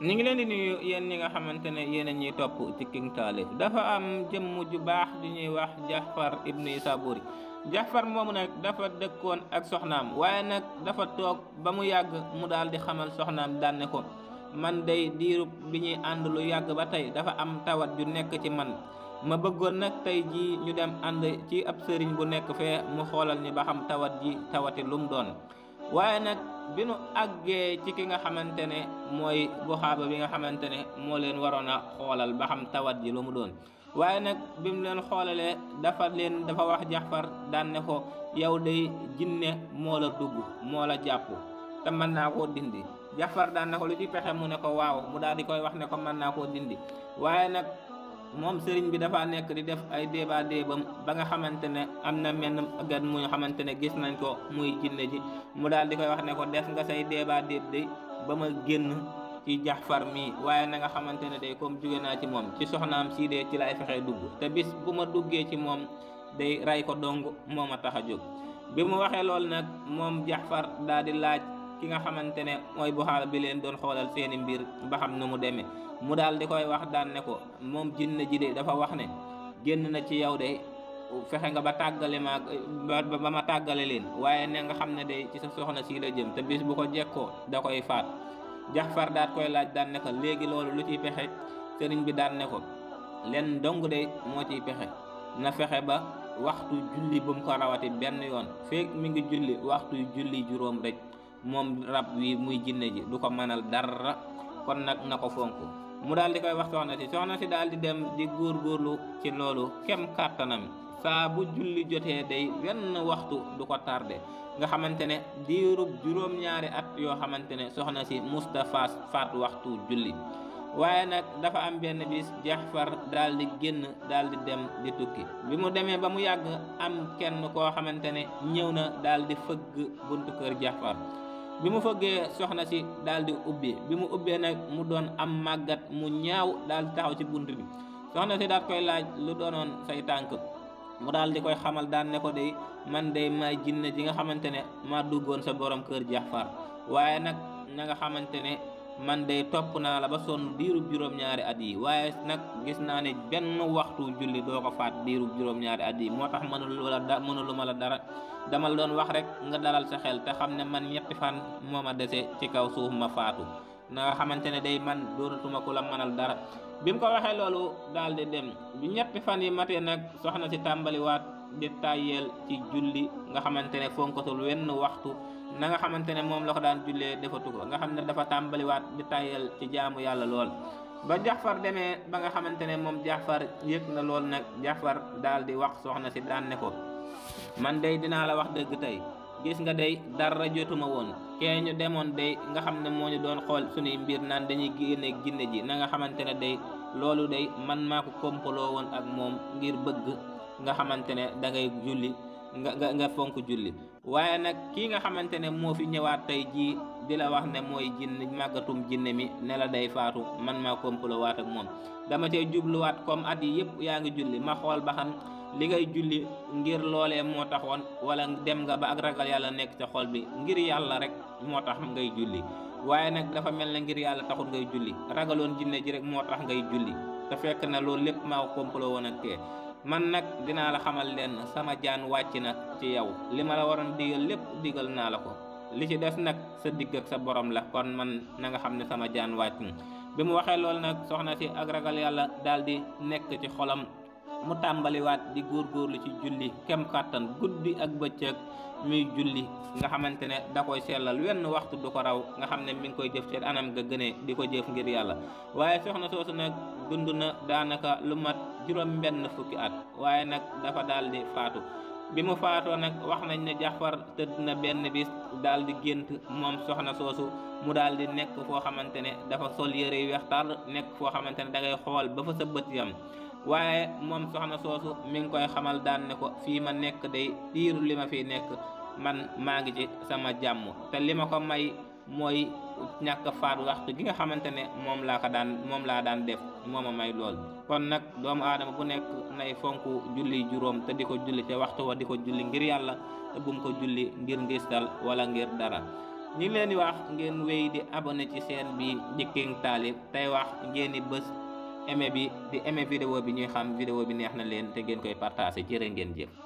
ñu ngi leen di nuyu yéen ni nga xamante ne yéen a ñuy topp ci King dafa am jëmm ju baax ju ñuy wax Jaafar ibnu Isaabuuri Jaafar moomu nag dafa dëkkoon ak soxnaam waaye nag dafa toog ba mu yàgg mu daal di xamal soxnaam daan ko man dey diirub bi ñuy ànd lu yàgg ba tey dafa am tawat ju nekk ci man ma bëggoon nag tey ji ñu dem ànd ci ab sëriñ bu nekk fee mu xoolal ni ba xam tawat ji tawati lum doon waaye nag bi nu àggee ci ki nga xamante ne mooy buxaaba bi nga xamante ne moo leen waroon a xoolal ba xam tawat ji lu mu doon waaye nag bi mu leen xoolalee dafa leen dafa wax jaxfar daan ne ko yow day jinne moo la dugg moo la jàpp te mën naa koo dindi jaxfar daan ne ko lu ci pexe mu ne ko waaw mu daal di koy wax ne ko mën naa koo dindi waaye nag moom sëriñ bi dafa nekk di def ay débat débam ba nga xamante ne am na menn gan mu ñu xamante ne gis nañ ko muy jinne ji mu daal di koy wax ne ko des nga say débat déb day ba ma génn ci jaxfar mi waaye na nga xamante ne day comme jóge naa ci moom ci soxnaam sii dee ci laay fexee dugg te bis bu ma duggee ci moom day rey ko dong moo ma tax a jóg bi mu waxee loolu nag moom jaxfar daal di laaj ki nga xamante ne mooy bu xaal bi leen doon xoolal seeni mbir ba xam nu mu demee mu daal di koy wax daan ne ko moom jinne ji de dafa wax ne génn na ci yow de fexe nga ba tàggale ma ba ma tàggale leen waaye ne nga xam ne de ci sa soxna sii la jëm te bis bu ko jekkoo da koy faat jaxfar daat koy laaj daan ne ko léegi loolu lu ciy pexe sëriñ bi daan ne ko leen dong de moo ciy pexe na fexe ba waxtu julli bu ko rawati benn yoon feek mu ngi julli waxtu julli juróom rek moom rab wi muy jinne ji du ko mënal dara kon nag na ko fonk mu daal di koy wax soxna si soxna si daal di dem di góorgóorlu ci loolu kem kàttanam saa bu julli jotee day benn waxtu du ko tardé nga xamante ne diirub juróom-ñaari at yoo xamante ne soxna si Moustapha faat waxtu julli waaye nag dafa am benn bis Jaxfar daal di génn daal di dem di tukki bi mu demee ba mu yàgg am kenn koo xamante ne ñëw na daal di fëgg buntu kër Jaxfar bi mu fëggee soxna si daal di ubbi bi mu ubbee nag mu doon am màggat mu ñaaw daal di taxaw ci bunt bi soxna si daal koy laaj lu doonoon say tànk mu daal di koy xamal daan ne ko dey man day maay jinne ji nga xamante ne maa duggoon sa borom kër Jaxfar waaye nag na nga xamante ne man de topp naa la ba sonn diirub juróom-ñaari at yi waaye nag gis naa ne benn waxtu julli doo ko faat diirub juróom-ñaari at yi moo tax mënulu la da mënuluma la dara dama la doon wax rek nga daral sa xel te xam ne man ñetti fan moo ma dese ci kaw suuf ma faatu na xamante ne day man doonatuma ku la mënal dara bi mu ko waxee loolu daal di dem ñetti fan yi matee nag soxna si tàmbaliwaat di tàyyeel ci julli nga xamante ne fonkatul wenn waxtu na nga xamante ne moom la ko daan jullee defatu ko nga xam ne dafa tàmbaliwaat di tàyyeel ci jaamu yàlla lool ba jaxfar demee ba nga xamante ne moom jaxfar yëg na lool nag jaxfar daal di wax soxna si daan ne ko man day dinaa la wax dëgg tey gis nga day dara jotuma woon kee ñu demoon day nga xam ne moo ñu doon xool suñuy mbir naan dañuy génne ginne ji na nga xamante ne day loolu day man maa ko kompaloo woon ak moom ngir bëgg nga xamantene da ngay julli nga nga nga fonk julli waye nak ki nga xamantene mo fi ñewat tay ji di la wax ne moy jinn magatum jinne mi ne la day faatu man ma komplo wat ak mom dama jublu wat kom at yi yep ya ngi julli ma xol ba xam li ngay julli ngir lolé mo wala dem nga ba ak ragal yalla nek ci xol bi ngir yalla rek moo tax ngay julli waye nak dafa melni ngir yalla taxul ngay julli ragalon jinne ji rek moo tax ngay julli ta fekk na lolé lepp ma komplo won ak kee man nak dinaa la xamal lenn sama jaan wàcc na ci yow li ma la waroon digal lépp digal naa la ko li ci des nag sa digg sa borom la kon man na nga xam ne sama jaan wàcc na bi mu waxee lool nag soxna si ak ragal yàlla daal di nekk ci xolam mu tàmbaliwaat di góor góorgóorlu ci julli kem kàttan guddi ak bëccëg muy julli nga xamante ne da koy sellal wenn waxtu du ko raw nga xam ne mi ngi koy def ci anam ga gënee di ko jëf ngir yàlla waaye soxna soosu nag dund na juróom mbenn fukki at waaye nag dafa daal di faatu bi mu faatoo nag wax nañ ne Jaxfar tëdd na benn bis daal di gént moom soxna soosu mu daal di nekk foo xamante ne dafa sol yëre yu weex tàll nekk foo xamante ne dangay xool ba fa sa yam waaye moom soxna soosu mi koy xamal daan ne ko fii ma nekk day diiru li ma fi nekk man maa ngi ci sama jàmm te li ma ko may mooy ñàkk faat waxtu bi nga xamante ne moom laa ko daan moom laa daan def moom ma may lool kon nag doomu aadama bu nekk nay fonk julli juróom te di ko julli te waxtu wa di ko julli ngir yàlla te bum ko julli ngir ngistal wala ngir dara ñi ngi leen di wax ngeen wéy di abonne ci seen bi di King Taalib tey wax ngeen bës bés bi di aimé vidéo bi ñuy xam vidéo bi neex na leen te ngeen koy partagé jëre ngeen jëf